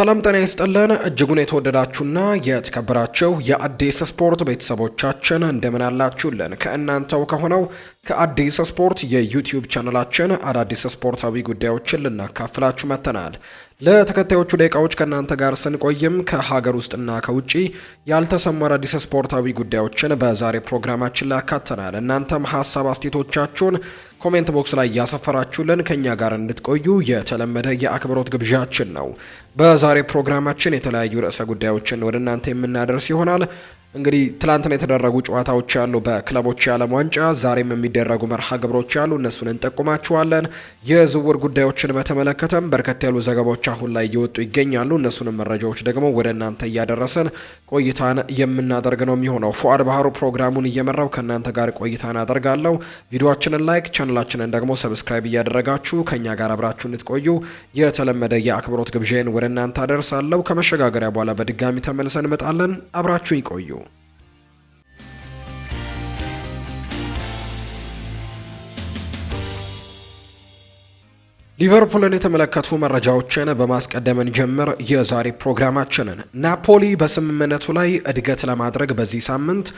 ሰላም ጤና ይስጥልን እጅጉን የተወደዳችሁና የተከበራችሁ የአዲስ ስፖርት ቤተሰቦቻችን እንደምን አላችሁልን? ከእናንተው ከሆነው ከአዲስ ስፖርት የዩቲዩብ ቻናላችን አዳዲስ ስፖርታዊ ጉዳዮችን ልናካፍላችሁ መጥተናል። ለተከታዮቹ ደቂቃዎች ከእናንተ ጋር ስንቆይም ከሀገር ውስጥና ከውጭ ያልተሰሙ አዳዲስ ስፖርታዊ ጉዳዮችን በዛሬ ፕሮግራማችን ላይ ያካተናል። እናንተም ሀሳብ አስቴቶቻችሁን ኮሜንት ቦክስ ላይ እያሰፈራችሁልን ከእኛ ጋር እንድትቆዩ የተለመደ የአክብሮት ግብዣችን ነው። በዛሬ ፕሮግራማችን የተለያዩ ርዕሰ ጉዳዮችን ወደ እናንተ የምናደርስ ይሆናል። እንግዲህ ትላንትና የተደረጉ ጨዋታዎች ያሉ በክለቦች የዓለም ዋንጫ ዛሬም የሚደረጉ መርሃ ግብሮች አሉ እነሱን እንጠቁማችኋለን። የዝውውር ጉዳዮችን በተመለከተም በርከት ያሉ ዘገባዎች አሁን ላይ እየወጡ ይገኛሉ። እነሱንም መረጃዎች ደግሞ ወደ እናንተ እያደረስን ቆይታን የምናደርግ ነው የሚሆነው። ፉአድ ባህሩ ፕሮግራሙን እየመራው ከእናንተ ጋር ቆይታን አደርጋለሁ። ቪዲዮችንን ላይክ፣ ቻነላችንን ደግሞ ሰብስክራይብ እያደረጋችሁ ከእኛ ጋር አብራችሁ እንድትቆዩ የተለመደ የአክብሮት ግብዣን ወደ እናንተ አደርሳለሁ። ከመሸጋገሪያ በኋላ በድጋሚ ተመልሰን እንመጣለን። አብራችሁ ይቆዩ። ሊቨርፑልን የተመለከቱ መረጃዎችን በማስቀደምን ጀምር የዛሬ ፕሮግራማችንን። ናፖሊ በስምምነቱ ላይ እድገት ለማድረግ በዚህ ሳምንት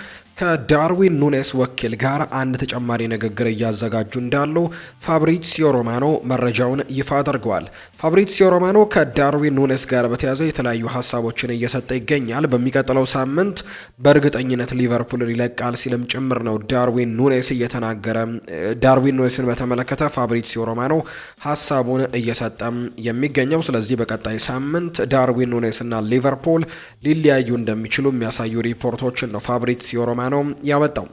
ከዳርዊን ኑኔስ ወኪል ጋር አንድ ተጨማሪ ንግግር እያዘጋጁ እንዳሉ ፋብሪሲዮ ሮማኖ መረጃውን ይፋ አድርገዋል። ፋብሪሲዮ ሮማኖ ከዳርዊን ኑኔስ ጋር በተያያዘ የተለያዩ ሀሳቦችን እየሰጠ ይገኛል። በሚቀጥለው ሳምንት በእርግጠኝነት ሊቨርፑልን ይለቃል ሲልም ጭምር ነው ዳርዊን ኑኔስ እየተናገረ ዳርዊን ኑኔስን በተመለከተ ፋብሪሲዮ ሮማኖ ሀሳብ ሀሳቡን እየሰጠም የሚገኘው። ስለዚህ በቀጣይ ሳምንት ዳርዊን ኑኔስና ሊቨርፑል ሊለያዩ እንደሚችሉ የሚያሳዩ ሪፖርቶችን ነው ፋብሪዚዮ ሮማኖ ያወጣው።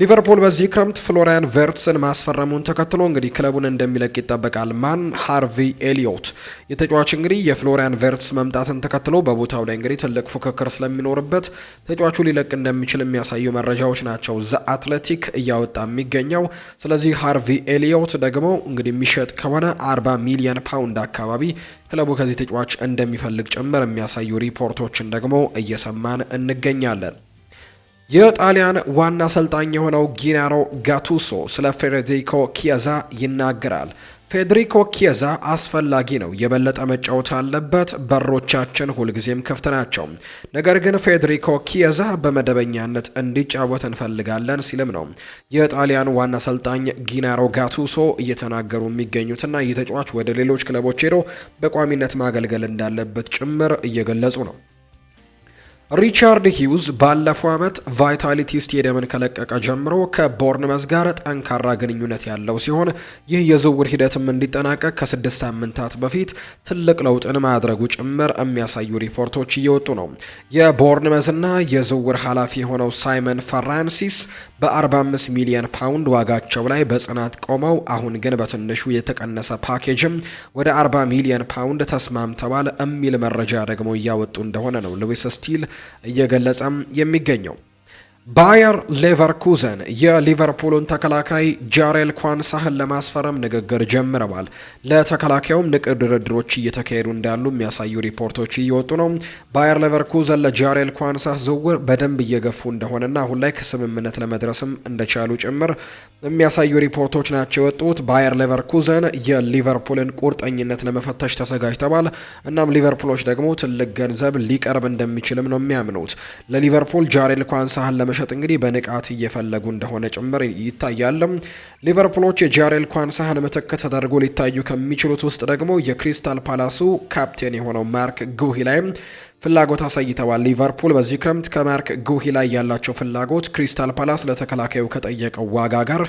ሊቨርፑል በዚህ ክረምት ፍሎሪያን ቨርትስን ማስፈረሙን ተከትሎ እንግዲህ ክለቡን እንደሚለቅ ይጠበቃል። ማን ሃርቪ ኤሊዮት የተጫዋች እንግዲህ የፍሎሪያን ቨርትስ መምጣትን ተከትሎ በቦታው ላይ እንግዲህ ትልቅ ፉክክር ስለሚኖርበት ተጫዋቹ ሊለቅ እንደሚችል የሚያሳዩ መረጃዎች ናቸው ዘ አትሌቲክ እያወጣ የሚገኘው። ስለዚህ ሃርቪ ኤሊዮት ደግሞ እንግዲህ የሚሸጥ ከሆነ 40 ሚሊዮን ፓውንድ አካባቢ ክለቡ ከዚህ ተጫዋች እንደሚፈልግ ጭምር የሚያሳዩ ሪፖርቶችን ደግሞ እየሰማን እንገኛለን። የጣሊያን ዋና አሰልጣኝ የሆነው ጊናሮ ጋቱሶ ስለ ፌዴሪኮ ኪያዛ ይናገራል። ፌዴሪኮ ኪየዛ አስፈላጊ ነው፣ የበለጠ መጫወት አለበት። በሮቻችን ሁልጊዜም ክፍት ናቸው፣ ነገር ግን ፌዴሪኮ ኪየዛ በመደበኛነት እንዲጫወት እንፈልጋለን ሲልም ነው የጣሊያን ዋና አሰልጣኝ ጊናሮ ጋቱሶ እየተናገሩ የሚገኙትና የተጫዋች ወደ ሌሎች ክለቦች ሄዶ በቋሚነት ማገልገል እንዳለበት ጭምር እየገለጹ ነው። ሪቻርድ ሂውዝ ባለፈው ዓመት ቫይታሊቲ ስቴዲየምን ከለቀቀ ጀምሮ ከቦርንመዝ ጋር ጠንካራ ግንኙነት ያለው ሲሆን ይህ የዝውውር ሂደትም እንዲጠናቀቅ ከስድስት ሳምንታት በፊት ትልቅ ለውጥን ማድረጉ ጭምር የሚያሳዩ ሪፖርቶች እየወጡ ነው። የቦርንመዝና የዝውውር ኃላፊ የሆነው ሳይመን ፈራንሲስ በ45 ሚሊዮን ፓውንድ ዋጋቸው ላይ በጽናት ቆመው አሁን ግን በትንሹ የተቀነሰ ፓኬጅም ወደ 40 ሚሊዮን ፓውንድ ተስማምተዋል የሚል መረጃ ደግሞ እያወጡ እንደሆነ ነው ሉዊስ ስቲል እየገለጸም የሚገኘው። ባየር ሌቨርኩዘን የሊቨርፑልን ተከላካይ ጃሬል ኳንሳህን ለማስፈረም ንግግር ጀምረዋል። ለተከላካዩም ንቅ ድርድሮች እየተካሄዱ እንዳሉ የሚያሳዩ ሪፖርቶች እየወጡ ነው። ባየር ሌቨርኩዘን ለጃሬል ኳንሳህ ዝውውር በደንብ እየገፉ እንደሆነና አሁን ላይ ከስምምነት ለመድረስም እንደቻሉ ጭምር የሚያሳዩ ሪፖርቶች ናቸው የወጡት። ባየር ሌቨርኩዘን የሊቨርፑልን ቁርጠኝነት ለመፈተሽ ተዘጋጅተዋል። እናም ሊቨርፑሎች ደግሞ ትልቅ ገንዘብ ሊቀርብ እንደሚችልም ነው የሚያምኑት። ለሊቨርፑል ጃሬል ኳንሳህን ለመሸጥ እንግዲህ በንቃት እየፈለጉ እንደሆነ ጭምር ይታያልም። ሊቨርፑሎች የጃሬል ኳንሳህን ምትክ ተደርጎ ሊታዩ ከሚችሉት ውስጥ ደግሞ የክሪስታል ፓላሱ ካፕቴን የሆነው ማርክ ጉሂ ላይ ፍላጎት አሳይተዋል። ሊቨርፑል በዚህ ክረምት ከማርክ ጉሂ ላይ ያላቸው ፍላጎት ክሪስታል ፓላስ ለተከላካዩ ከጠየቀው ዋጋ ጋር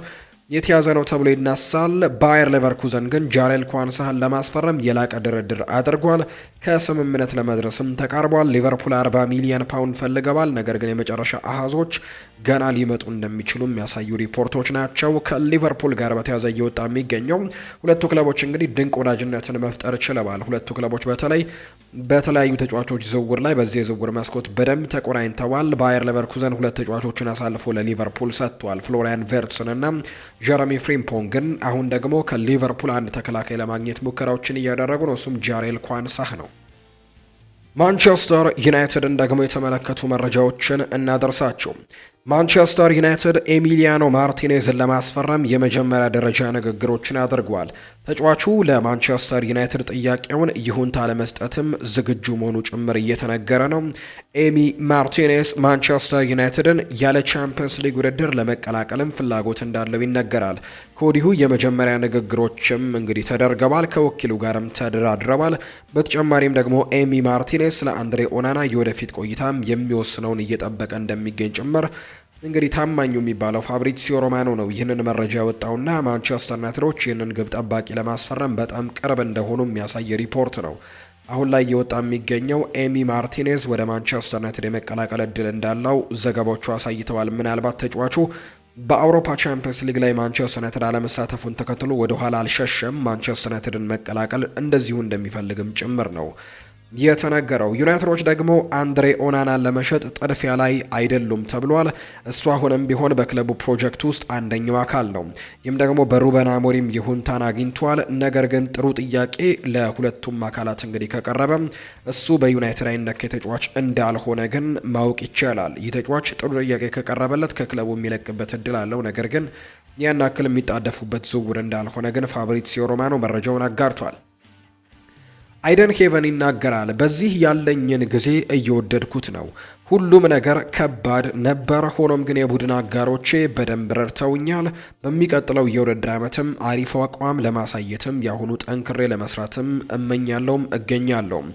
የተያዘ ነው ተብሎ ይነሳል። ባየር ሌቨርኩዘን ግን ጃሬል ኳንሳህን ለማስፈረም የላቀ ድርድር አድርጓል። ከስምምነት ለመድረስም ተቃርቧል። ሊቨርፑል 40 ሚሊዮን ፓውንድ ፈልገዋል። ነገር ግን የመጨረሻ አሃዞች ገና ሊመጡ እንደሚችሉ የሚያሳዩ ሪፖርቶች ናቸው። ከሊቨርፑል ጋር በተያዘ እየወጣ የሚገኘው ሁለቱ ክለቦች እንግዲህ ድንቅ ወዳጅነትን መፍጠር ችለዋል። ሁለቱ ክለቦች በተለይ በተለያዩ ተጫዋቾች ዝውውር ላይ በዚህ የዝውውር መስኮት በደንብ ተቆራኝተዋል። ባየር ለቨርኩዘን ሁለት ተጫዋቾችን አሳልፎ ለሊቨርፑል ሰጥቷል፣ ፍሎሪያን ቨርትስን እና ጀረሚ ፍሪምፖንግን። አሁን ደግሞ ከሊቨርፑል አንድ ተከላካይ ለማግኘት ሙከራዎችን እያደረጉ ነው። እሱም ጃሬል ኳንሳህ ነው። ማንቸስተር ዩናይትድን ደግሞ የተመለከቱ መረጃዎችን እናደርሳቸው። ማንቸስተር ዩናይትድ ኤሚሊያኖ ማርቲኔዝን ለማስፈረም የመጀመሪያ ደረጃ ንግግሮችን አድርጓል። ተጫዋቹ ለማንቸስተር ዩናይትድ ጥያቄውን ይሁንታ ለመስጠትም ዝግጁ መሆኑ ጭምር እየተነገረ ነው። ኤሚ ማርቲኔስ ማንቸስተር ዩናይትድን ያለ ቻምፒየንስ ሊግ ውድድር ለመቀላቀልም ፍላጎት እንዳለው ይነገራል። ከወዲሁ የመጀመሪያ ንግግሮችም እንግዲህ ተደርገዋል። ከወኪሉ ጋርም ተደራድረዋል። በተጨማሪም ደግሞ ኤሚ ማርቲኔስ ለአንድሬ ኦናና የወደፊት ቆይታም የሚወስነውን እየጠበቀ እንደሚገኝ ጭምር እንግዲህ ታማኙ የሚባለው ፋብሪዚዮ ሮማኖ ነው ይህንን መረጃ ያወጣውና ማንቸስተር ዩናይትዶች ይህንን ግብ ጠባቂ ለማስፈረም በጣም ቅርብ እንደሆኑ የሚያሳይ ሪፖርት ነው። አሁን ላይ እየወጣ የሚገኘው ኤሚ ማርቲኔዝ ወደ ማንቸስተር ዩናይትድ የመቀላቀል እድል እንዳለው ዘገባዎቹ አሳይተዋል። ምናልባት ተጫዋቹ በአውሮፓ ቻምፒየንስ ሊግ ላይ ማንቸስተር ዩናይትድ አለመሳተፉን ተከትሎ ወደኋላ አልሸሸም። ማንቸስተር ዩናይትድን መቀላቀል እንደዚሁ እንደሚፈልግም ጭምር ነው የተነገረው። ዩናይትዶች ደግሞ አንድሬ ኦናናን ለመሸጥ ጥድፊያ ላይ አይደሉም ተብሏል። እሱ አሁንም ቢሆን በክለቡ ፕሮጀክት ውስጥ አንደኛው አካል ነው። ይህም ደግሞ በሩበን አሞሪም ይሁንታን አግኝቷል። ነገር ግን ጥሩ ጥያቄ ለሁለቱም አካላት እንግዲህ ከቀረበ እሱ በዩናይትድ አይነክ የተጫዋች እንዳልሆነ ግን ማወቅ ይቻላል። ይህ ተጫዋች ጥሩ ጥያቄ ከቀረበለት ከክለቡ የሚለቅበት እድል አለው። ነገር ግን ያን ያክል የሚጣደፉበት ዝውውር እንዳልሆነ ግን ፋብሪዚዮ ሮማኖ መረጃውን አጋርቷል። አይደን ሄቨን ይናገራል። በዚህ ያለኝን ጊዜ እየወደድኩት ነው። ሁሉም ነገር ከባድ ነበር። ሆኖም ግን የቡድን አጋሮቼ በደንብ ረድተውኛል። በሚቀጥለው የውድድር ዓመትም አሪፍ አቋም ለማሳየትም የአሁኑ ጠንክሬ ለመስራትም እመኛለውም እገኛለውም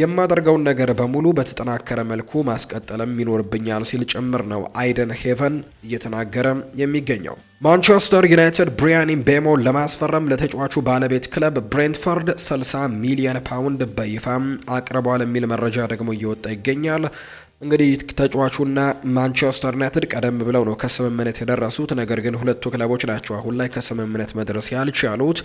የማደርገውን ነገር በሙሉ በተጠናከረ መልኩ ማስቀጠልም ይኖርብኛል ሲል ጭምር ነው አይደን ሄቨን እየተናገረ የሚገኘው። ማንቸስተር ዩናይትድ ብሪያን ምቤሞ ለማስፈረም ለተጫዋቹ ባለቤት ክለብ ብሬንትፈርድ 60 ሚሊዮን ፓውንድ በይፋም አቅርቧል የሚል መረጃ ደግሞ እየወጣ ይገኛል። እንግዲህ ተጫዋቹና ማንቸስተር ዩናይትድ ቀደም ብለው ነው ከስምምነት የደረሱት። ነገር ግን ሁለቱ ክለቦች ናቸው አሁን ላይ ከስምምነት መድረስ ያልቻሉት።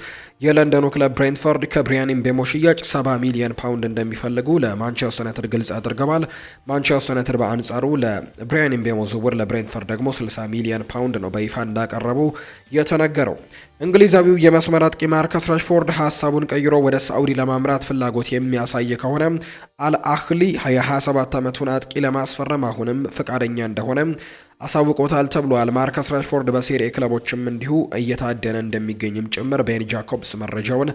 የለንደኑ ክለብ ብሬንትፈርድ ከብሪያን ቤሞ ሽያጭ 70 ሚሊዮን ፓውንድ እንደሚፈልጉ ለማንቸስተር ዩናይትድ ግልጽ አድርገዋል። ማንቸስተር ዩናይትድ በአንጻሩ ለብሪያን ምቤሞ ዝውውር ለብሬንትፈርድ ደግሞ 60 ሚሊዮን ፓውንድ ነው በይፋ እንዳቀረቡ የተነገረው። እንግሊዛዊው የመስመር አጥቂ ማርከስ ራሽፎርድ ሀሳቡን ቀይሮ ወደ ሳዑዲ ለማምራት ፍላጎት የሚያሳይ ከሆነ አልአህሊ የ27 ዓመቱን አጥቂ ለማስፈረም አሁንም ፈቃደኛ እንደሆነ አሳውቆታል ተብሏል። ማርከስ ራሽፎርድ በሴሪ ክለቦችም እንዲሁ እየታደነ እንደሚገኝም ጭምር ቤን ጃኮብስ መረጃውን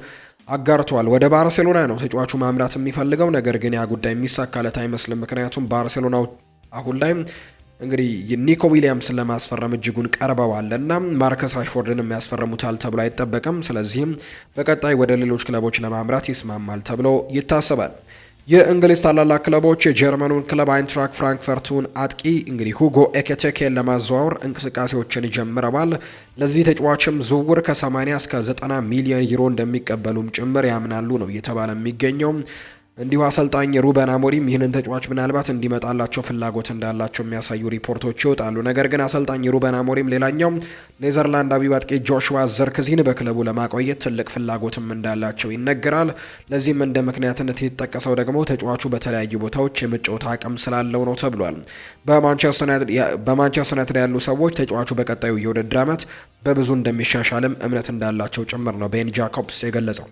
አጋርቷል። ወደ ባርሴሎና ነው ተጫዋቹ ማምራት የሚፈልገው፣ ነገር ግን ያ ጉዳይ የሚሳካለት አይመስልም። ምክንያቱም ባርሴሎና አሁን ላይ እንግዲህ ኒኮ ዊሊያምስን ለማስፈረም እጅጉን ቀርበዋል እና ማርከስ ራሽፎርድን ያስፈረሙታል ተብሎ አይጠበቅም። ስለዚህም በቀጣይ ወደ ሌሎች ክለቦች ለማምራት ይስማማል ተብሎ ይታሰባል። የእንግሊዝ ታላላቅ ክለቦች የጀርመኑን ክለብ አይንትራክ ፍራንክፈርቱን አጥቂ እንግዲህ ሁጎ ኤኬቴኬን ለማዘዋወር እንቅስቃሴዎችን ጀምረዋል። ለዚህ ተጫዋችም ዝውውር ከ80 እስከ 90 ሚሊዮን ዩሮ እንደሚቀበሉም ጭምር ያምናሉ ነው እየተባለ የሚገኘው። እንዲሁ አሰልጣኝ ሩበን አሞሪም ይህንን ተጫዋች ምናልባት እንዲመጣላቸው ፍላጎት እንዳላቸው የሚያሳዩ ሪፖርቶች ይወጣሉ። ነገር ግን አሰልጣኝ ሩበን አሞሪም ሌላኛው ኔዘርላንዳዊ አጥቂ ጆሽዋ ዘርክዚን በክለቡ ለማቆየት ትልቅ ፍላጎትም እንዳላቸው ይነገራል። ለዚህም እንደ ምክንያትነት የተጠቀሰው ደግሞ ተጫዋቹ በተለያዩ ቦታዎች የመጫወት አቅም ስላለው ነው ተብሏል። በማንቸስተር ዩናይትድ ያሉ ሰዎች ተጫዋቹ በቀጣዩ የውድድር ዓመት በብዙ እንደሚሻሻልም እምነት እንዳላቸው ጭምር ነው ቤን ጃኮብስ የገለጸው።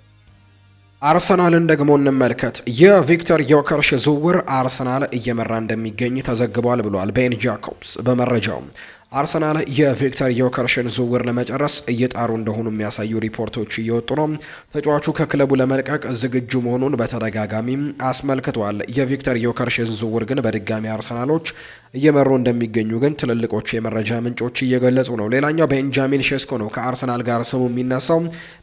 አርሰናልን ደግሞ እንመልከት። የቪክተር ዮከርሽ ዝውውር አርሰናል እየመራ እንደሚገኝ ተዘግቧል ብሏል ቤን ጃኮብስ በመረጃው አርሰናል የቪክተር ዮከርሽን ዝውውር ለመጨረስ እየጣሩ እንደሆኑ የሚያሳዩ ሪፖርቶች እየወጡ ነው። ተጫዋቹ ከክለቡ ለመልቀቅ ዝግጁ መሆኑን በተደጋጋሚም አስመልክቷል። የቪክተር ዮከርሽን ዝውውር ግን በድጋሚ አርሰናሎች እየመሩ እንደሚገኙ ግን ትልልቆቹ የመረጃ ምንጮች እየገለጹ ነው። ሌላኛው ቤንጃሚን ሼስኮ ነው። ከአርሰናል ጋር ስሙ የሚነሳው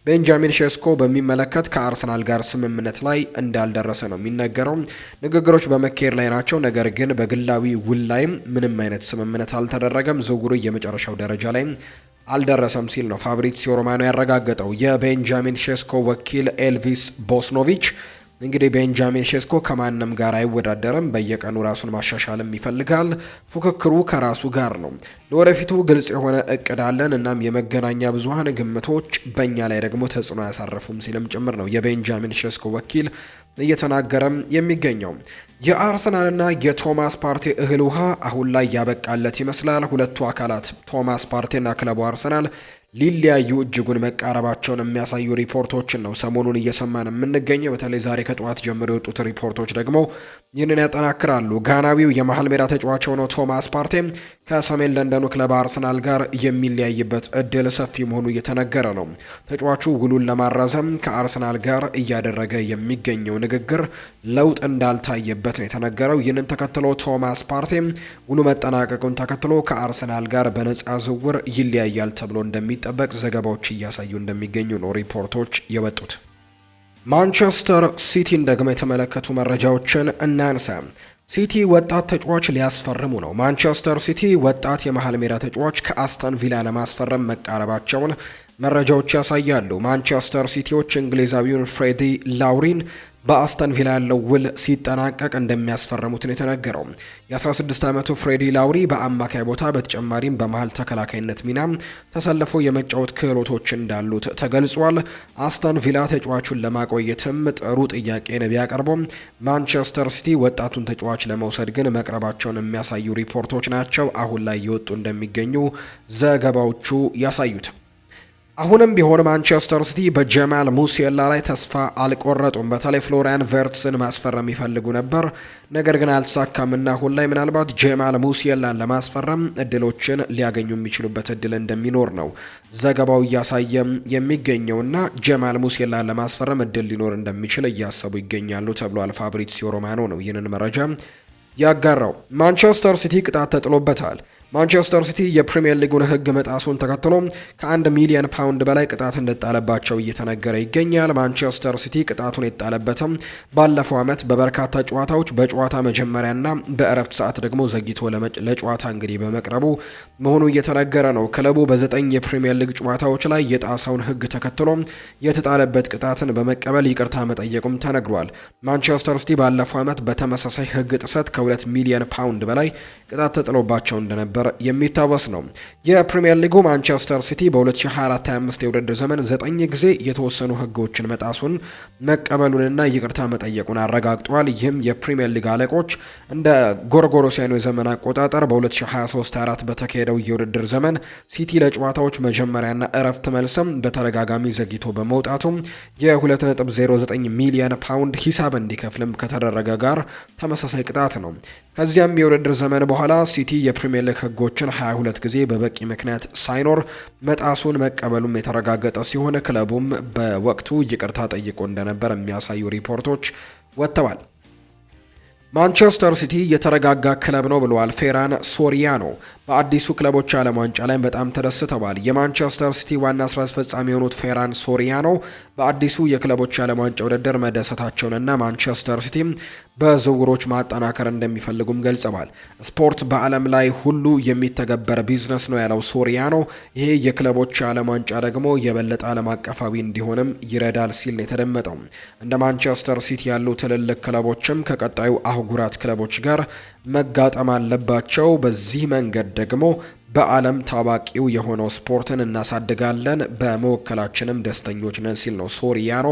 ቤንጃሚን ሼስኮ በሚመለከት ከአርሰናል ጋር ስምምነት ላይ እንዳልደረሰ ነው የሚነገረው። ንግግሮች በመካሄድ ላይ ናቸው። ነገር ግን በግላዊ ውል ላይ ምንም አይነት ስምምነት አልተደረገም። ዝውውሩ የመጨረሻው ደረጃ ላይ አልደረሰም ሲል ነው ፋብሪሲዮ ሮማኖ ያረጋገጠው። የቤንጃሚን ሼስኮ ወኪል ኤልቪስ ቦስኖቪች እንግዲህ ቤንጃሚን ሼስኮ ከማንም ጋር አይወዳደርም፣ በየቀኑ ራሱን ማሻሻልም ይፈልጋል። ፉክክሩ ከራሱ ጋር ነው። ለወደፊቱ ግልጽ የሆነ እቅድ አለን፣ እናም የመገናኛ ብዙሃን ግምቶች በእኛ ላይ ደግሞ ተጽዕኖ አያሳርፉም ሲልም ጭምር ነው የቤንጃሚን ሼስኮ ወኪል እየተናገረም የሚገኘው የአርሰናልና የቶማስ ፓርቴ እህል ውሃ አሁን ላይ ያበቃለት ይመስላል። ሁለቱ አካላት ቶማስ ፓርቴና ክለቡ አርሰናል ሊለያዩ እጅጉን መቃረባቸውን የሚያሳዩ ሪፖርቶችን ነው ሰሞኑን እየሰማን የምንገኘው። በተለይ ዛሬ ከጠዋት ጀምሮ የወጡት ሪፖርቶች ደግሞ ይህንን ያጠናክራሉ። ጋናዊው የመሀል ሜዳ ተጫዋች የሆነው ቶማስ ፓርቴም ከሰሜን ለንደኑ ክለብ አርሰናል ጋር የሚለያይበት እድል ሰፊ መሆኑ እየተነገረ ነው። ተጫዋቹ ውሉን ለማራዘም ከአርሰናል ጋር እያደረገ የሚገኘው ንግግር ለውጥ እንዳልታየበት ነው የተነገረው። ይህንን ተከትሎ ቶማስ ፓርቴም ውሉ መጠናቀቁን ተከትሎ ከአርሰናል ጋር በነፃ ዝውውር ይለያያል ተብሎ እንደሚ እንደሚጠበቅ ዘገባዎች እያሳዩ እንደሚገኙ ነው ሪፖርቶች የወጡት። ማንቸስተር ሲቲን ደግሞ የተመለከቱ መረጃዎችን እናንሳ። ሲቲ ወጣት ተጫዋች ሊያስፈርሙ ነው። ማንቸስተር ሲቲ ወጣት የመሃል ሜዳ ተጫዋች ከአስተን ቪላ ለማስፈረም መቃረባቸውን መረጃዎች ያሳያሉ። ማንቸስተር ሲቲዎች እንግሊዛዊውን ፍሬዲ ላውሪን በአስተን ቪላ ያለው ውል ሲጠናቀቅ እንደሚያስፈርሙት ነው የተነገረው። የ16 ዓመቱ ፍሬዲ ላውሪ በአማካይ ቦታ በተጨማሪም በመሀል ተከላካይነት ሚና ተሰልፎ የመጫወት ክህሎቶች እንዳሉት ተገልጿል። አስተን ቪላ ተጫዋቹን ለማቆየትም ጥሩ ጥያቄን ቢያቀርቡም ማንቸስተር ሲቲ ወጣቱን ተጫዋች ለመውሰድ ግን መቅረባቸውን የሚያሳዩ ሪፖርቶች ናቸው አሁን ላይ እየወጡ እንደሚገኙ ዘገባዎቹ ያሳዩት። አሁንም ቢሆን ማንቸስተር ሲቲ በጀማል ሙሴላ ላይ ተስፋ አልቆረጡም። በተለይ ፍሎሪያን ቨርትስን ማስፈረም ይፈልጉ ነበር፣ ነገር ግን አልተሳካምና አሁን ላይ ምናልባት ጀማል ሙሴላን ለማስፈረም እድሎችን ሊያገኙ የሚችሉበት እድል እንደሚኖር ነው ዘገባው እያሳየም የሚገኘውና ጀማል ሙሴላን ለማስፈረም እድል ሊኖር እንደሚችል እያሰቡ ይገኛሉ ተብሏል። ፋብሪዚዮ ሮማኖ ነው ይህንን መረጃ ያጋራው። ማንቸስተር ሲቲ ቅጣት ተጥሎበታል። ማንቸስተር ሲቲ የፕሪምየር ሊጉን ሕግ መጣሱን ተከትሎ ከአንድ ሚሊዮን ፓውንድ በላይ ቅጣት እንደጣለባቸው እየተነገረ ይገኛል። ማንቸስተር ሲቲ ቅጣቱን የጣለበትም ባለፈው ዓመት በበርካታ ጨዋታዎች በጨዋታ መጀመሪያና በእረፍት ሰዓት ደግሞ ዘግይቶ ለጨዋታ እንግዲህ በመቅረቡ መሆኑ እየተነገረ ነው። ክለቡ በዘጠኝ የፕሪምየር ሊግ ጨዋታዎች ላይ የጣሰውን ሕግ ተከትሎ የተጣለበት ቅጣትን በመቀበል ይቅርታ መጠየቁም ተነግሯል። ማንቸስተር ሲቲ ባለፈው ዓመት በተመሳሳይ ሕግ ጥሰት ከሁለት ሚሊዮን ፓውንድ በላይ ቅጣት ተጥሎባቸው እንደነበር እንደነበር የሚታወስ ነው። የፕሪምየር ሊጉ ማንቸስተር ሲቲ በ2024/25 የውድድር ዘመን ዘጠኝ ጊዜ የተወሰኑ ህጎችን መጣሱን መቀበሉንና ይቅርታ መጠየቁን አረጋግጧል። ይህም የፕሪምየር ሊግ አለቆች እንደ ጎርጎሮሲያኑ የዘመን አቆጣጠር በ2023/24 በተካሄደው የውድድር ዘመን ሲቲ ለጨዋታዎች መጀመሪያና እረፍት መልስም በተደጋጋሚ ዘግይቶ በመውጣቱም የ2.09 ሚሊዮን ፓውንድ ሂሳብ እንዲከፍልም ከተደረገ ጋር ተመሳሳይ ቅጣት ነው። ከዚያም የውድድር ዘመን በኋላ ሲቲ የፕሪምየር ሊግ ህጎችን 22 ጊዜ በበቂ ምክንያት ሳይኖር መጣሱን መቀበሉም የተረጋገጠ ሲሆን ክለቡም በወቅቱ ይቅርታ ጠይቆ እንደነበር የሚያሳዩ ሪፖርቶች ወጥተዋል። ማንቸስተር ሲቲ የተረጋጋ ክለብ ነው ብለዋል ፌራን ሶሪያኖ። በአዲሱ ክለቦች ዓለም ዋንጫ ላይ በጣም ተደስተዋል። የማንቸስተር ሲቲ ዋና ስራ አስፈጻሚ የሆኑት ፌራን ሶሪያኖ በአዲሱ የክለቦች ዓለም ዋንጫ ውድድር መደሰታቸውንና ማንቸስተር ሲቲ በዝውውሮች ማጠናከር እንደሚፈልጉም ገልጸዋል። ስፖርት በዓለም ላይ ሁሉ የሚተገበር ቢዝነስ ነው ያለው ሶሪያኖ ይሄ የክለቦች ዓለም ዋንጫ ደግሞ የበለጠ ዓለም አቀፋዊ እንዲሆንም ይረዳል ሲል ነው የተደመጠው። እንደ ማንቸስተር ሲቲ ያሉ ትልልቅ ክለቦችም ከቀጣዩ አህጉራት ክለቦች ጋር መጋጠም አለባቸው። በዚህ መንገድ ደግሞ በዓለም ታዋቂው የሆነው ስፖርትን እናሳድጋለን በመወከላችንም ደስተኞች ነን ሲል ነው ሶሪያኖ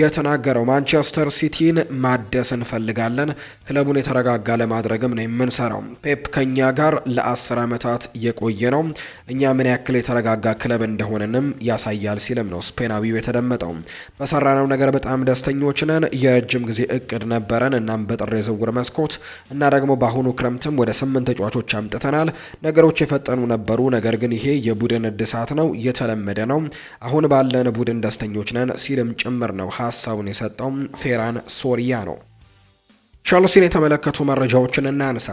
የተናገረው። ማንቸስተር ሲቲን ማደስ እንፈልጋለን፣ ክለቡን የተረጋጋ ለማድረግም ነው የምንሰራው። ፔፕ ከኛ ጋር ለአስር ዓመታት የቆየ ነው፣ እኛ ምን ያክል የተረጋጋ ክለብ እንደሆነንም ያሳያል ሲልም ነው ስፔናዊው የተደመጠው። በሰራነው ነገር በጣም ደስተኞች ነን። የረጅም ጊዜ እቅድ ነበረን። እናም በጥር የዝውውር መስኮት እና ደግሞ በአሁኑ ክረምትም ወደ ስምንት ተጫዋቾች አምጥተናል። ነገሮች የፈጠ ያጠኑ ነበሩ። ነገር ግን ይሄ የቡድን እድሳት ነው፣ የተለመደ ነው። አሁን ባለን ቡድን ደስተኞች ነን ሲልም ጭምር ነው ሀሳቡን የሰጠው ፌራን ሶሪያ ነው። ቸልሲን የተመለከቱ መረጃዎችን እናንሳ።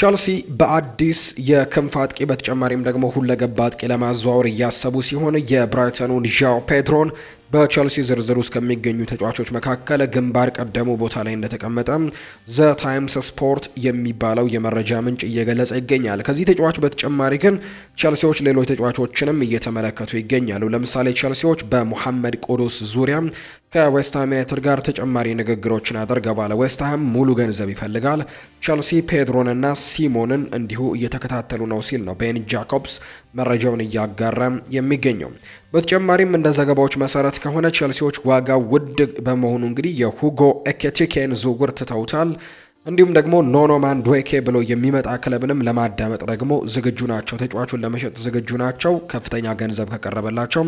ቸልሲ በአዲስ የክንፍ አጥቂ በተጨማሪም ደግሞ ሁለገባ አጥቂ ለማዘዋወር እያሰቡ ሲሆን የብራይተኑን ዣው ፔድሮን በቸልሲ ዝርዝር ውስጥ ከሚገኙ ተጫዋቾች መካከል ግንባር ቀደሙ ቦታ ላይ እንደተቀመጠ ዘ ታይምስ ስፖርት የሚባለው የመረጃ ምንጭ እየገለጸ ይገኛል። ከዚህ ተጫዋች በተጨማሪ ግን ቸልሲዎች ሌሎች ተጫዋቾችንም እየተመለከቱ ይገኛሉ። ለምሳሌ ቸልሲዎች በሙሐመድ ቁዱስ ዙሪያ ከዌስትሃም ዩናይትድ ጋር ተጨማሪ ንግግሮችን አድርገዋል። ዌስትሃም ሙሉ ገንዘብ ይፈልጋል። ቸልሲ ፔድሮንና ሲሞንን እንዲሁ እየተከታተሉ ነው ሲል ነው ቤን ጃኮብስ መረጃውን እያጋራ የሚገኘው። በተጨማሪም እንደ ዘገባዎች መሰረት ከሆነ ቸልሲዎች ዋጋ ውድ በመሆኑ እንግዲህ የሁጎ ኤኬቲኬን ዝውውር ትተውታል። እንዲሁም ደግሞ ኖኖ ማንድዌኬ ብሎ የሚመጣ ክለብንም ለማዳመጥ ደግሞ ዝግጁ ናቸው። ተጫዋቹን ለመሸጥ ዝግጁ ናቸው። ከፍተኛ ገንዘብ ከቀረበላቸው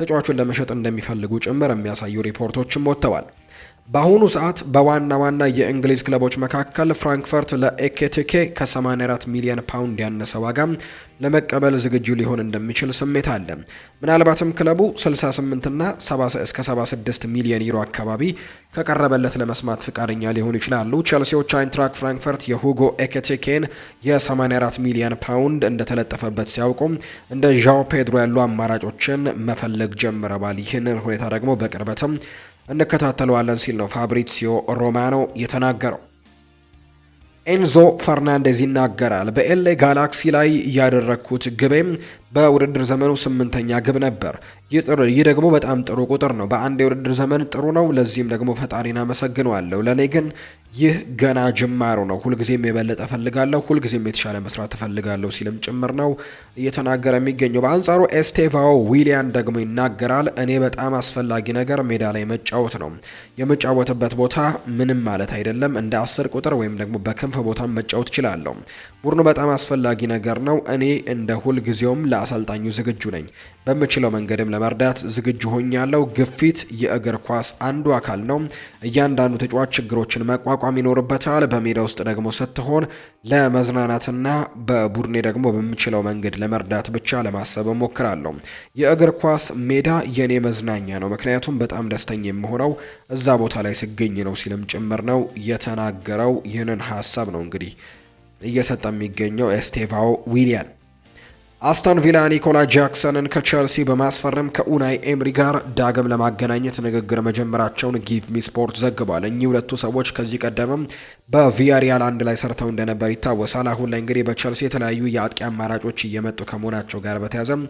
ተጫዋቹን ለመሸጥ እንደሚፈልጉ ጭምር የሚያሳዩ ሪፖርቶችም ወጥተዋል። በአሁኑ ሰዓት በዋና ዋና የእንግሊዝ ክለቦች መካከል ፍራንክፈርት ለኤኬቴኬ ከ84 ሚሊዮን ፓውንድ ያነሰ ዋጋ ለመቀበል ዝግጁ ሊሆን እንደሚችል ስሜት አለ። ምናልባትም ክለቡ 68 እና እስከ 76 ሚሊዮን ዩሮ አካባቢ ከቀረበለት ለመስማት ፍቃደኛ ሊሆኑ ይችላሉ። ቸልሲዎች አይንትራክ ፍራንክፈርት የሁጎ ኤኬቴኬን የ84 ሚሊዮን ፓውንድ እንደተለጠፈበት ሲያውቁ እንደ ዣው ፔድሮ ያሉ አማራጮችን መፈለግ ጀምረዋል። ይህንን ሁኔታ ደግሞ በቅርበትም እንከታተለዋለን ሲል ነው ፋብሪሲዮ ሮማኖ የተናገረው። ኤንዞ ፈርናንዴዝ ይናገራል። በኤሌ ጋላክሲ ላይ ያደረግኩት ግቤም በውድድር ዘመኑ ስምንተኛ ግብ ነበር። ይህ ደግሞ በጣም ጥሩ ቁጥር ነው። በአንድ የውድድር ዘመን ጥሩ ነው። ለዚህም ደግሞ ፈጣሪን አመሰግነዋለሁ። ለእኔ ግን ይህ ገና ጅማሩ ነው። ሁልጊዜም የበለጠ እፈልጋለሁ፣ ሁልጊዜም የተሻለ መስራት እፈልጋለሁ ሲልም ጭምር ነው እየተናገረ የሚገኘው። በአንጻሩ ኤስቴቫኦ ዊሊያን ደግሞ ይናገራል። እኔ በጣም አስፈላጊ ነገር ሜዳ ላይ መጫወት ነው። የመጫወትበት ቦታ ምንም ማለት አይደለም። እንደ አስር ቁጥር ወይም ደግሞ በክንፍ ቦታ መጫወት እችላለሁ። ቡድኑ በጣም አስፈላጊ ነገር ነው። እኔ እንደ ሁልጊዜውም ለአሰልጣኙ ዝግጁ ነኝ። በምችለው መንገድም ለመርዳት ዝግጁ ሆኛለሁ። ግፊት የእግር ኳስ አንዱ አካል ነው። እያንዳንዱ ተጫዋች ችግሮችን መቋቋም ይኖርበታል። በሜዳ ውስጥ ደግሞ ስትሆን ለመዝናናትና በቡድኔ ደግሞ በምችለው መንገድ ለመርዳት ብቻ ለማሰብ እሞክራለሁ። የእግር ኳስ ሜዳ የኔ መዝናኛ ነው፣ ምክንያቱም በጣም ደስተኛ የምሆነው እዛ ቦታ ላይ ስገኝ ነው ሲልም ጭምር ነው የተናገረው። ይህንን ሀሳብ ነው እንግዲህ እየሰጠ የሚገኘው ኤስቴቫኦ ዊሊያን አስተን ቪላ ኒኮላ ጃክሰንን ከቸልሲ በማስፈረም ከኡናይ ኤምሪ ጋር ዳግም ለማገናኘት ንግግር መጀመራቸውን ጊቭ ሚ ስፖርት ዘግቧል። እኚህ ሁለቱ ሰዎች ከዚህ ቀደምም በቪያሪያል አንድ ላይ ሰርተው እንደነበር ይታወሳል። አሁን ላይ እንግዲህ በቸልሲ የተለያዩ የአጥቂ አማራጮች እየመጡ ከመሆናቸው ጋር በተያዘም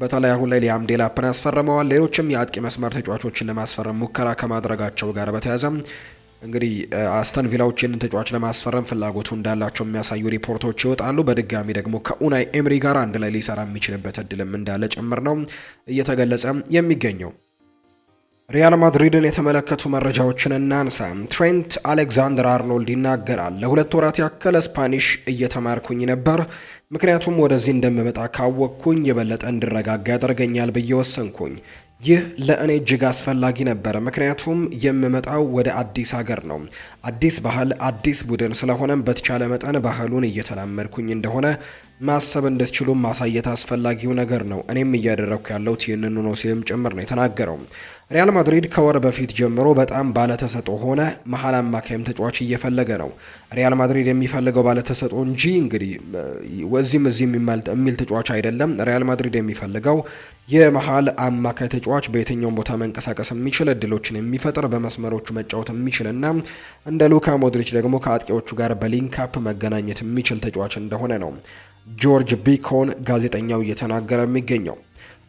በተለይ አሁን ላይ ሊያም ዴላፕን አስፈርመዋል። ሌሎችም የአጥቂ መስመር ተጫዋቾችን ለማስፈረም ሙከራ ከማድረጋቸው ጋር በተያዘም እንግዲህ አስተን ቪላዎች ይህንን ተጫዋች ለማስፈረም ፍላጎቱ እንዳላቸው የሚያሳዩ ሪፖርቶች ይወጣሉ። በድጋሚ ደግሞ ከኡናይ ኤምሪ ጋር አንድ ላይ ሊሰራ የሚችልበት እድልም እንዳለ ጭምር ነው እየተገለጸ የሚገኘው። ሪያል ማድሪድን የተመለከቱ መረጃዎችን እናንሳ። ትሬንት አሌክዛንደር አርኖልድ ይናገራል። ለሁለት ወራት ያከለ ስፓኒሽ እየተማርኩኝ ነበር፣ ምክንያቱም ወደዚህ እንደምመጣ ካወቅኩኝ የበለጠ እንድረጋጋ ያደርገኛል ብዬ ወሰንኩኝ። ይህ ለእኔ እጅግ አስፈላጊ ነበር፣ ምክንያቱም የምመጣው ወደ አዲስ ሀገር ነው። አዲስ ባህል፣ አዲስ ቡድን። ስለሆነም በተቻለ መጠን ባህሉን እየተላመድኩኝ እንደሆነ ማሰብ እንድትችሉ ማሳየት አስፈላጊው ነገር ነው። እኔም እያደረግኩ ያለሁት ይህንኑ ነው ሲልም ጭምር ነው የተናገረው። ሪያል ማድሪድ ከወር በፊት ጀምሮ በጣም ባለተሰጦ ሆነ መሀል አማካይም ተጫዋች እየፈለገ ነው። ሪያል ማድሪድ የሚፈልገው ባለተሰጦ እንጂ እንግዲህ ወዚህም እዚህ የሚል ተጫዋች አይደለም። ሪያል ማድሪድ የሚፈልገው የመሀል አማካይ ተጫዋች በየትኛውም ቦታ መንቀሳቀስ የሚችል እድሎችን የሚፈጥር በመስመሮቹ መጫወት የሚችል እና እንደ ሉካ ሞድሪች ደግሞ ከአጥቂዎቹ ጋር በሊንካፕ መገናኘት የሚችል ተጫዋች እንደሆነ ነው ጆርጅ ቢኮን ጋዜጠኛው እየተናገረ የሚገኘው።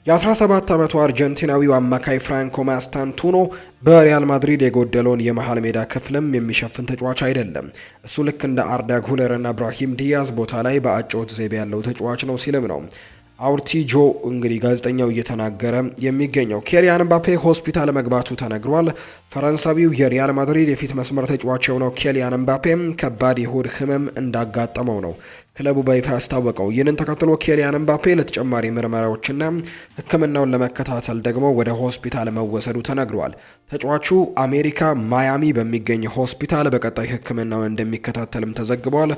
የ17 ዓመቱ አርጀንቲናዊው አማካይ ፍራንኮ ማስታንቱኖ በሪያል ማድሪድ የጎደለውን የመሃል ሜዳ ክፍልም የሚሸፍን ተጫዋች አይደለም። እሱ ልክ እንደ አርዳ ሁለርና ብራሂም ዲያዝ ቦታ ላይ በአጨዋወት ዘይቤ ያለው ተጫዋች ነው ሲልም ነው አውርቲጆ እንግዲህ ጋዜጠኛው እየተናገረ የሚገኘው ኬሊያን ምባፔ ሆስፒታል መግባቱ ተነግሯል። ፈረንሳዊው የሪያል ማድሪድ የፊት መስመር ተጫዋች የሆነው ኬሊያን ምባፔ ከባድ የሆድ ህመም እንዳጋጠመው ነው ክለቡ በይፋ ያስታወቀው። ይህንን ተከትሎ ኬሊያን ምባፔ ለተጨማሪ ምርመራዎችና ሕክምናውን ለመከታተል ደግሞ ወደ ሆስፒታል መወሰዱ ተነግሯል። ተጫዋቹ አሜሪካ ማያሚ በሚገኝ ሆስፒታል በቀጣይ ሕክምናውን እንደሚከታተልም ተዘግቧል።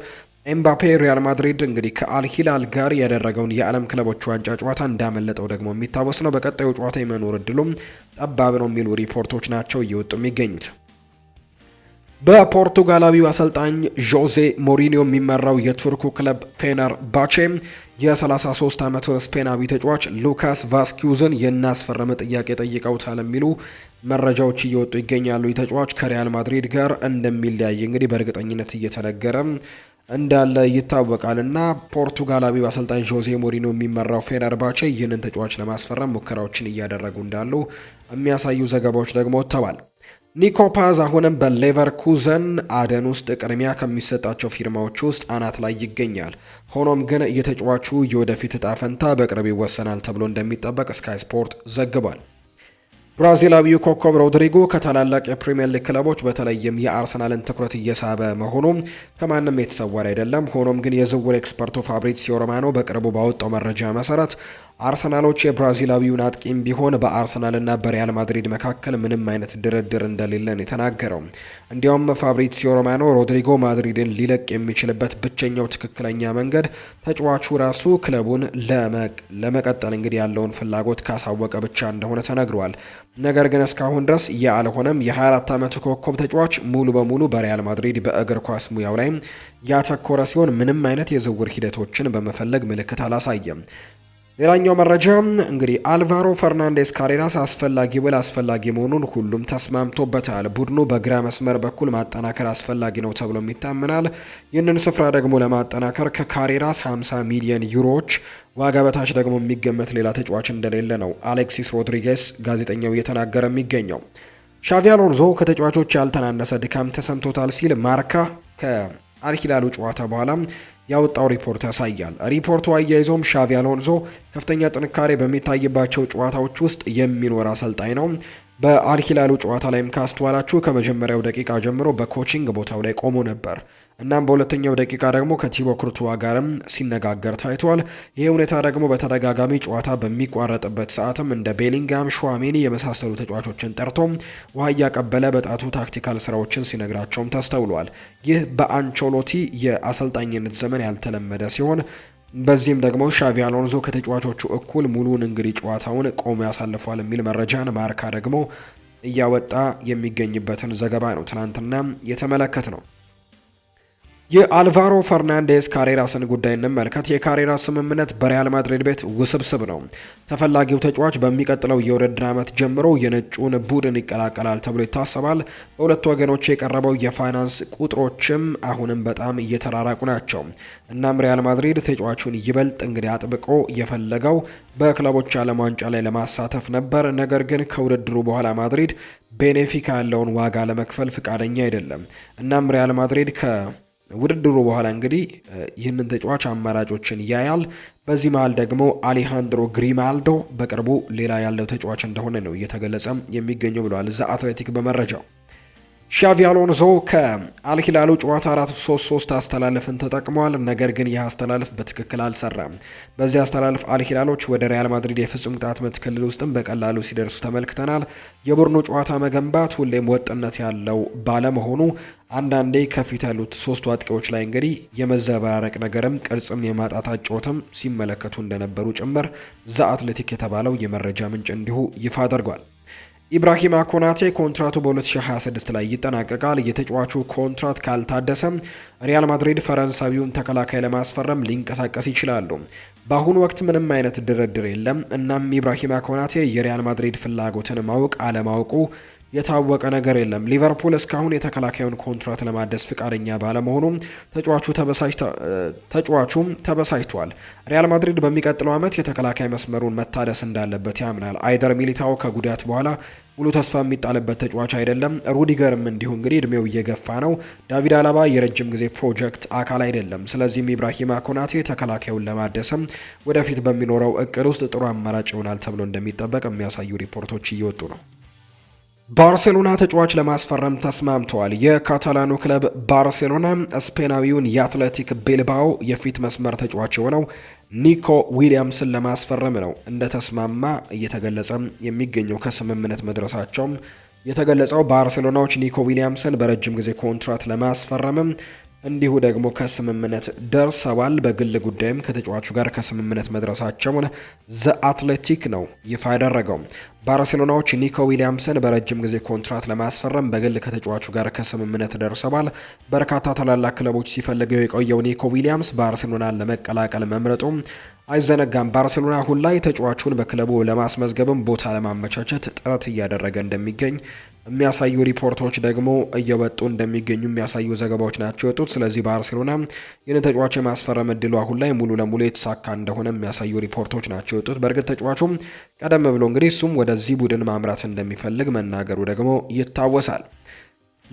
ኤምባፔ ሪያል ማድሪድ እንግዲህ ከአልሂላል ጋር ያደረገውን የዓለም ክለቦች ዋንጫ ጨዋታ እንዳመለጠው ደግሞ የሚታወስ ነው። በቀጣዩ ጨዋታ የመኖር እድሉም ጠባብ ነው የሚሉ ሪፖርቶች ናቸው እየወጡ የሚገኙት። በፖርቱጋላዊው አሰልጣኝ ዦዜ ሞሪኒዮ የሚመራው የቱርኩ ክለብ ፌነር ባቼ የ33 ዓመቱ ስፔናዊ ተጫዋች ሉካስ ቫስኪዩዝን የናስፈረመ ጥያቄ ጠይቀውታል የሚሉ መረጃዎች እየወጡ ይገኛሉ። የተጫዋች ከሪያል ማድሪድ ጋር እንደሚለያይ እንግዲህ በእርግጠኝነት እየተነገረ እንዳለ ይታወቃል እና ፖርቱጋላዊው አሰልጣኝ ዦዜ ሞሪኖ የሚመራው ፌነርባቼ ይህንን ተጫዋች ለማስፈረም ሙከራዎችን እያደረጉ እንዳሉ የሚያሳዩ ዘገባዎች ደግሞ ወጥተዋል። ኒኮ ፓዝ አሁንም በሌቨርኩዘን አደን ውስጥ ቅድሚያ ከሚሰጣቸው ፊርማዎች ውስጥ አናት ላይ ይገኛል። ሆኖም ግን የተጫዋቹ የወደፊት እጣ ፈንታ በቅርብ ይወሰናል ተብሎ እንደሚጠበቅ ስካይ ስፖርት ዘግቧል። ብራዚላዊው ኮከብ ሮድሪጎ ከታላላቅ የፕሪምየር ሊግ ክለቦች በተለይም የአርሰናልን ትኩረት እየሳበ መሆኑ ከማንም የተሰወረ አይደለም። ሆኖም ግን የዝውውር ኤክስፐርቱ ፋብሪዚዮ ሮማኖ በቅርቡ ባወጣው መረጃ መሰረት አርሰናሎች የብራዚላዊውን አጥቂም ቢሆን በአርሰናልና በሪያል ማድሪድ መካከል ምንም አይነት ድርድር እንደሌለን የተናገረው እንዲያውም ፋብሪዚዮ ሮማኖ ሮድሪጎ ማድሪድን ሊለቅ የሚችልበት ብቸኛው ትክክለኛ መንገድ ተጫዋቹ ራሱ ክለቡን ለመቀጠል እንግዲህ ያለውን ፍላጎት ካሳወቀ ብቻ እንደሆነ ተነግሯል። ነገር ግን እስካሁን ድረስ አልሆነም የ24 ዓመቱ ኮከብ ተጫዋች ሙሉ በሙሉ በሪያል ማድሪድ በእግር ኳስ ሙያው ላይ ያተኮረ ሲሆን ምንም አይነት የዝውውር ሂደቶችን በመፈለግ ምልክት አላሳየም። ሌላኛው መረጃ እንግዲህ አልቫሮ ፈርናንዴስ ካሬራስ አስፈላጊ ብል አስፈላጊ መሆኑን ሁሉም ተስማምቶበታል። ቡድኑ በግራ መስመር በኩል ማጠናከር አስፈላጊ ነው ተብሎ ይታመናል። ይህንን ስፍራ ደግሞ ለማጠናከር ከካሬራስ 50 ሚሊዮን ዩሮዎች ዋጋ በታች ደግሞ የሚገመት ሌላ ተጫዋች እንደሌለ ነው አሌክሲስ ሮድሪጌስ ጋዜጠኛው እየተናገረ የሚገኘው። ሻቪ አሎንዞ ከተጫዋቾች ያልተናነሰ ድካም ተሰምቶታል ሲል ማርካ ከአልሂላሉ ጨዋታ በኋላ ያወጣው ሪፖርት ያሳያል። ሪፖርቱ አያይዞም ሻቪ አሎንዞ ከፍተኛ ጥንካሬ በሚታይባቸው ጨዋታዎች ውስጥ የሚኖር አሰልጣኝ ነው። በአልሂላሉ ጨዋታ ላይም ካስተዋላችሁ ከመጀመሪያው ደቂቃ ጀምሮ በኮቺንግ ቦታው ላይ ቆሞ ነበር። እናም በሁለተኛው ደቂቃ ደግሞ ከቲቦ ክርቱዋ ጋርም ሲነጋገር ታይቷል። ይህ ሁኔታ ደግሞ በተደጋጋሚ ጨዋታ በሚቋረጥበት ሰዓትም እንደ ቤሊንጋም፣ ሸዋሜኒ የመሳሰሉ ተጫዋቾችን ጠርቶ ውሃ እያቀበለ በጣቱ ታክቲካል ስራዎችን ሲነግራቸውም ተስተውሏል። ይህ በአንቸሎቲ የአሰልጣኝነት ዘመን ያልተለመደ ሲሆን በዚህም ደግሞ ሻቪ አሎንዞ ከተጫዋቾቹ እኩል ሙሉን እንግዲህ ጨዋታውን ቆሞ ያሳልፏል የሚል መረጃን ማርካ ደግሞ እያወጣ የሚገኝበትን ዘገባ ነው ትናንትና የተመለከት ነው። የአልቫሮ ፈርናንዴስ ካሬራስን ጉዳይ እንመልከት። የካሬራስ ስምምነት በሪያል ማድሪድ ቤት ውስብስብ ነው። ተፈላጊው ተጫዋች በሚቀጥለው የውድድር ዓመት ጀምሮ የነጩን ቡድን ይቀላቀላል ተብሎ ይታሰባል። በሁለቱ ወገኖች የቀረበው የፋይናንስ ቁጥሮችም አሁንም በጣም እየተራራቁ ናቸው። እናም ሪያል ማድሪድ ተጫዋቹን ይበልጥ እንግዲህ አጥብቆ የፈለገው በክለቦች ዓለም ዋንጫ ላይ ለማሳተፍ ነበር። ነገር ግን ከውድድሩ በኋላ ማድሪድ ቤኔፊካ ያለውን ዋጋ ለመክፈል ፍቃደኛ አይደለም። እናም ሪያል ማድሪድ ከ ውድድሩ በኋላ እንግዲህ ይህንን ተጫዋች አማራጮችን ያያል። በዚህ መሀል ደግሞ አሌሃንድሮ ግሪማልዶ በቅርቡ ሌላ ያለው ተጫዋች እንደሆነ ነው እየተገለጸ የሚገኘው ብለዋል ዘ አትሌቲክ በመረጃው ሻቪ አሎንሶ ከአልሂላሉ ጨዋታ 433 አስተላለፍን ተጠቅሟል። ነገር ግን ይህ አስተላለፍ በትክክል አልሰራም። በዚህ አስተላለፍ አልሂላሎች ወደ ሪያል ማድሪድ የፍጹም ቅጣት ምት ክልል ውስጥም በቀላሉ ሲደርሱ ተመልክተናል። የቡድኑ ጨዋታ መገንባት ሁሌም ወጥነት ያለው ባለመሆኑ አንዳንዴ ከፊት ያሉት ሶስቱ አጥቂዎች ላይ እንግዲህ የመዘበራረቅ ነገርም ቅርጽም የማጣት ጨዋታም ሲመለከቱ እንደነበሩ ጭምር ዘ አትሌቲክ የተባለው የመረጃ ምንጭ እንዲሁ ይፋ አድርጓል። ኢብራሂማ ኮናቴ ኮንትራቱ በ2026 ላይ ይጠናቀቃል። የተጫዋቹ ኮንትራት ካልታደሰም ሪያል ማድሪድ ፈረንሳዊውን ተከላካይ ለማስፈረም ሊንቀሳቀስ ይችላሉ። በአሁኑ ወቅት ምንም አይነት ድርድር የለም። እናም ኢብራሂማ ኮናቴ የሪያል ማድሪድ ፍላጎትን ማወቅ አለማወቁ የታወቀ ነገር የለም። ሊቨርፑል እስካሁን የተከላካዩን ኮንትራት ለማደስ ፍቃደኛ ባለመሆኑም ተጫዋቹም ተበሳጭቷል። ሪያል ማድሪድ በሚቀጥለው ዓመት የተከላካይ መስመሩን መታደስ እንዳለበት ያምናል። አይደር ሚሊታው ከጉዳት በኋላ ሙሉ ተስፋ የሚጣልበት ተጫዋች አይደለም። ሩዲገርም እንዲሁ እንግዲህ እድሜው እየገፋ ነው። ዳቪድ አላባ የረጅም ጊዜ ፕሮጀክት አካል አይደለም። ስለዚህም ኢብራሂማ ኮናቴ ተከላካዩን ለማደስም ወደፊት በሚኖረው እቅድ ውስጥ ጥሩ አማራጭ ይሆናል ተብሎ እንደሚጠበቅ የሚያሳዩ ሪፖርቶች እየወጡ ነው። ባርሴሎና ተጫዋች ለማስፈረም ተስማምተዋል። የካታላኑ ክለብ ባርሴሎና ስፔናዊውን የአትሌቲክ ቤልባኦ የፊት መስመር ተጫዋች የሆነው ኒኮ ዊሊያምስን ለማስፈረም ነው እንደተስማማ እየተገለጸ የሚገኘው ከስምምነት መድረሳቸውም የተገለጸው ባርሴሎናዎች ኒኮ ዊሊያምስን በረጅም ጊዜ ኮንትራት ለማስፈረምም እንዲሁ ደግሞ ከስምምነት ደርሰዋል። በግል ጉዳይም ከተጫዋቹ ጋር ከስምምነት መድረሳቸውን ዘ አትሌቲክ ነው ይፋ ያደረገው። ባርሴሎናዎች ኒኮ ዊሊያምሰን በረጅም ጊዜ ኮንትራት ለማስፈረም በግል ከተጫዋቹ ጋር ከስምምነት ደርሰዋል። በርካታ ታላላቅ ክለቦች ሲፈልገው የቆየው ኒኮ ዊሊያምስ ባርሴሎናን ለመቀላቀል መምረጡ አይዘነጋም። ባርሴሎና አሁን ላይ ተጫዋቹን በክለቡ ለማስመዝገብም ቦታ ለማመቻቸት ጥረት እያደረገ እንደሚገኝ የሚያሳዩ ሪፖርቶች ደግሞ እየወጡ እንደሚገኙ የሚያሳዩ ዘገባዎች ናቸው የወጡት። ስለዚህ ባርሴሎና ይህን ተጫዋች የማስፈረም እድሉ አሁን ላይ ሙሉ ለሙሉ የተሳካ እንደሆነ የሚያሳዩ ሪፖርቶች ናቸው የወጡት። በእርግጥ ተጫዋቹም ቀደም ብሎ እንግዲህ እሱም ወደዚህ ቡድን ማምራት እንደሚፈልግ መናገሩ ደግሞ ይታወሳል።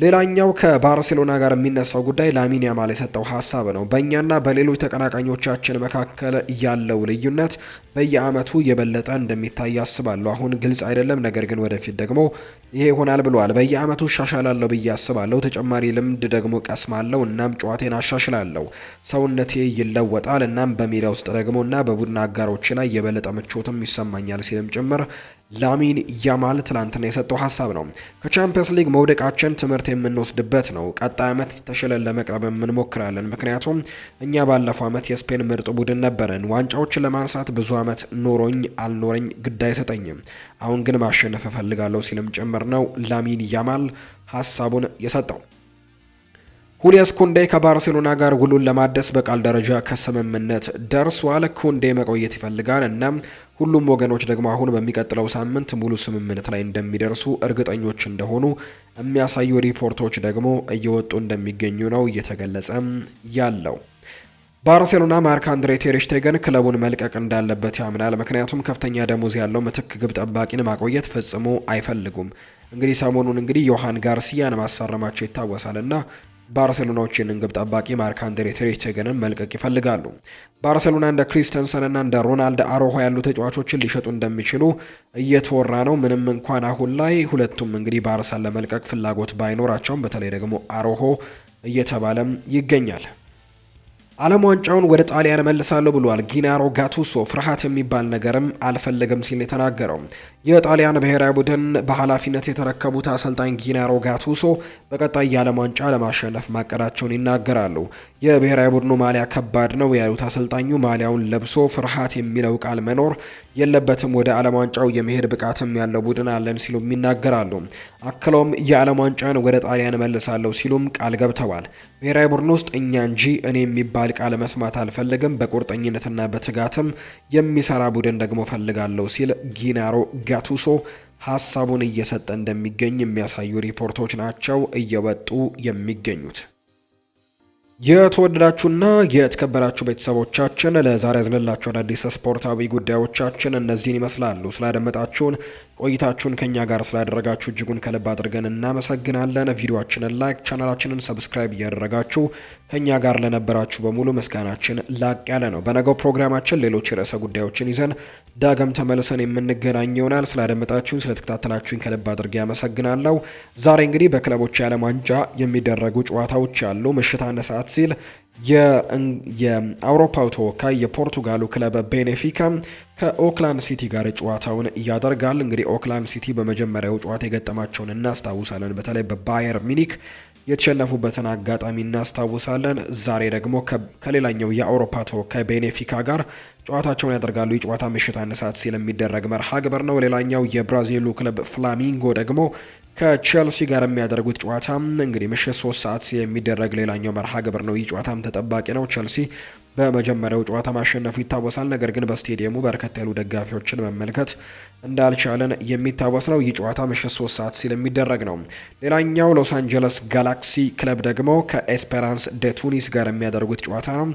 ሌላኛው ከባርሴሎና ጋር የሚነሳው ጉዳይ ላሚን ያማል የሰጠው ሀሳብ ነው። በእኛና በሌሎች ተቀናቃኞቻችን መካከል ያለው ልዩነት በየአመቱ የበለጠ እንደሚታይ አስባለሁ። አሁን ግልጽ አይደለም፣ ነገር ግን ወደፊት ደግሞ ይሄ ይሆናል ብለዋል። በየአመቱ እሻሻላለሁ ብዬ አስባለሁ። ተጨማሪ ልምድ ደግሞ ቀስማለሁ። እናም ጨዋቴን አሻሽላለሁ። ሰውነቴ ይለወጣል። እናም በሜዳ ውስጥ ደግሞ እና በቡድን አጋሮች ላይ የበለጠ ምቾትም ይሰማኛል ሲልም ጭምር ላሚን ያማል ትላንትና የሰጠው ሀሳብ ነው። ከቻምፒየንስ ሊግ መውደቃችን ትምህርት የምንወስድበት ነው። ቀጣይ ዓመት ተሽለን ለመቅረብ እንሞክራለን። ምክንያቱም እኛ ባለፈው ዓመት የስፔን ምርጥ ቡድን ነበረን። ዋንጫዎችን ለማንሳት ብዙ ዓመት ኖሮኝ አልኖረኝ ግድ አይሰጠኝም። አሁን ግን ማሸነፍ እፈልጋለሁ ሲልም ጭምር ነው ላሚን ያማል ሀሳቡን የሰጠው። ሁሊያስ ኩንዴ ከባርሴሎና ጋር ውሉን ለማደስ በቃል ደረጃ ከስምምነት ደርሷል። ኩንዴ መቆየት ይፈልጋል እና ሁሉም ወገኖች ደግሞ አሁን በሚቀጥለው ሳምንት ሙሉ ስምምነት ላይ እንደሚደርሱ እርግጠኞች እንደሆኑ የሚያሳዩ ሪፖርቶች ደግሞ እየወጡ እንደሚገኙ ነው እየተገለጸ ያለው። ባርሴሎና ማርክ አንድሬ ቴርሽቴገን ክለቡን መልቀቅ እንዳለበት ያምናል። ምክንያቱም ከፍተኛ ደሞዝ ያለው ምትክ ግብ ጠባቂን ማቆየት ፈጽሞ አይፈልጉም። እንግዲህ ሰሞኑን እንግዲህ ዮሐን ጋርሲያን ማስፈረማቸው ይታወሳል እና ባርሴሎናዎች ይህንን ግብ ጠባቂ ማርክ አንድሬ ትሬስቴገንን መልቀቅ ይፈልጋሉ። ባርሴሎና እንደ ክሪስተንሰንና እንደ ሮናልድ አሮሆ ያሉ ተጫዋቾችን ሊሸጡ እንደሚችሉ እየተወራ ነው። ምንም እንኳን አሁን ላይ ሁለቱም እንግዲህ ባርሳን ለመልቀቅ ፍላጎት ባይኖራቸውም፣ በተለይ ደግሞ አሮሆ እየተባለም ይገኛል። ዓለም ዋንጫውን ወደ ጣሊያን መልሳለሁ ብሏል። ጊናሮ ጋቱሶ ፍርሃት የሚባል ነገርም አልፈለግም ሲል የተናገረው የጣሊያን ብሔራዊ ቡድን በኃላፊነት የተረከቡት አሰልጣኝ ጊናሮ ጋቱሶ በቀጣይ የዓለም ዋንጫ ለማሸነፍ ማቀዳቸውን ይናገራሉ። የብሔራዊ ቡድኑ ማሊያ ከባድ ነው ያሉት አሰልጣኙ ማሊያውን ለብሶ ፍርሃት የሚለው ቃል መኖር የለበትም። ወደ ዓለም ዋንጫው የመሄድ ብቃትም ያለው ቡድን አለን ሲሉም ይናገራሉ። አክለውም የዓለም ዋንጫን ወደ ጣሊያን መልሳለሁ ሲሉም ቃል ገብተዋል። ብሔራዊ ቡድን ውስጥ እኛ እንጂ እኔ የሚባል ቃል መስማት አልፈልግም። በቁርጠኝነትና በትጋትም የሚሰራ ቡድን ደግሞ ፈልጋለሁ ሲል ጊናሮ ጋቱሶ ሀሳቡን እየሰጠ እንደሚገኝ የሚያሳዩ ሪፖርቶች ናቸው እየወጡ የሚገኙት። የተወደዳችሁና የተከበራችሁ ቤተሰቦቻችን ለዛሬ ያዝንላችሁ አዳዲስ ስፖርታዊ ጉዳዮቻችን እነዚህን ይመስላሉ። ስላደመጣችሁን ቆይታችሁን ከኛ ጋር ስላደረጋችሁ እጅጉን ከልብ አድርገን እናመሰግናለን። ቪዲዮችንን ላይክ፣ ቻናላችንን ሰብስክራይብ እያደረጋችሁ ከኛ ጋር ለነበራችሁ በሙሉ ምስጋናችን ላቅ ያለ ነው። በነገው ፕሮግራማችን ሌሎች የርዕሰ ጉዳዮችን ይዘን ዳግም ተመልሰን የምንገናኝ ይሆናል። ስላደመጣችሁን፣ ስለተከታተላችሁኝ ከልብ አድርገ ያመሰግናለሁ። ዛሬ እንግዲህ በክለቦች የዓለም ዋንጫ የሚደረጉ ጨዋታዎች አሉ። ምሽት አንድ ሰዓት ሲል የአውሮፓው ተወካይ የፖርቱጋሉ ክለብ ቤኔፊካ ከኦክላንድ ሲቲ ጋር ጨዋታውን ያደርጋል። እንግዲህ ኦክላንድ ሲቲ በመጀመሪያው ጨዋታ የገጠማቸውን እናስታውሳለን። በተለይ በባየር ሚኒክ የተሸነፉበትን አጋጣሚ እናስታውሳለን። ዛሬ ደግሞ ከሌላኛው የአውሮፓ ተወካይ ቤኔፊካ ጋር ጨዋታቸውን ያደርጋሉ። የጨዋታ ምሽት አንድ ሰዓት ሲል የሚደረግ መርሃ ግብር ነው። ሌላኛው የብራዚሉ ክለብ ፍላሚንጎ ደግሞ ከቼልሲ ጋር የሚያደርጉት ጨዋታ እንግዲህ ምሽት ሶስት ሰዓት የሚደረግ ሌላኛው መርሃ ግብር ነው። ይህ ጨዋታም ተጠባቂ ነው። ቼልሲ በመጀመሪያው ጨዋታ ማሸነፉ ይታወሳል። ነገር ግን በስቴዲየሙ በርከት ያሉ ደጋፊዎችን መመልከት እንዳልቻለን የሚታወስ ነው። ይህ ጨዋታ ምሽት ሶስት ሰዓት ሲል የሚደረግ ነው። ሌላኛው ሎስ አንጀለስ ጋላክሲ ክለብ ደግሞ ከኤስፔራንስ ደ ቱኒስ ጋር የሚያደርጉት ጨዋታ ነው።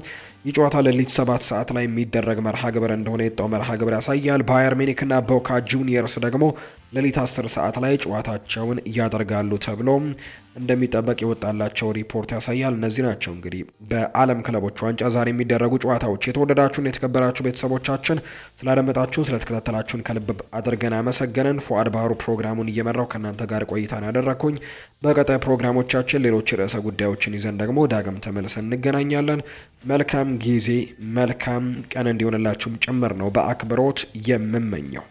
የጨዋታ ሌሊት ሰባት ሰዓት ላይ የሚደረግ መርሃ ግብር እንደሆነ የጣው መርሃ ግብር ያሳያል። ባየር ሚኒክና ቦካ ጁኒየርስ ደግሞ ሌሊት 10 ሰዓት ላይ ጨዋታቸውን ያደርጋሉ ተብሎ እንደሚጠበቅ የወጣላቸው ሪፖርት ያሳያል። እነዚህ ናቸው እንግዲህ በዓለም ክለቦች ዋንጫ ዛሬ የሚደረጉ ጨዋታዎች። የተወደዳችሁን የተከበራችሁ ቤተሰቦቻችን ስላደመጣችሁን፣ ስለተከታተላችሁን ከልብ አድርገን አመሰገንን። ፎአድ ባህሩ ፕሮግራሙን እየመራው ከእናንተ ጋር ቆይታን ያደረግኩኝ። በቀጣይ ፕሮግራሞቻችን ሌሎች ርዕሰ ጉዳዮችን ይዘን ደግሞ ዳግም ተመልሰን እንገናኛለን። መልካም ጊዜ መልካም ቀን እንዲሆንላችሁም ጭምር ነው በአክብሮት የምመኘው።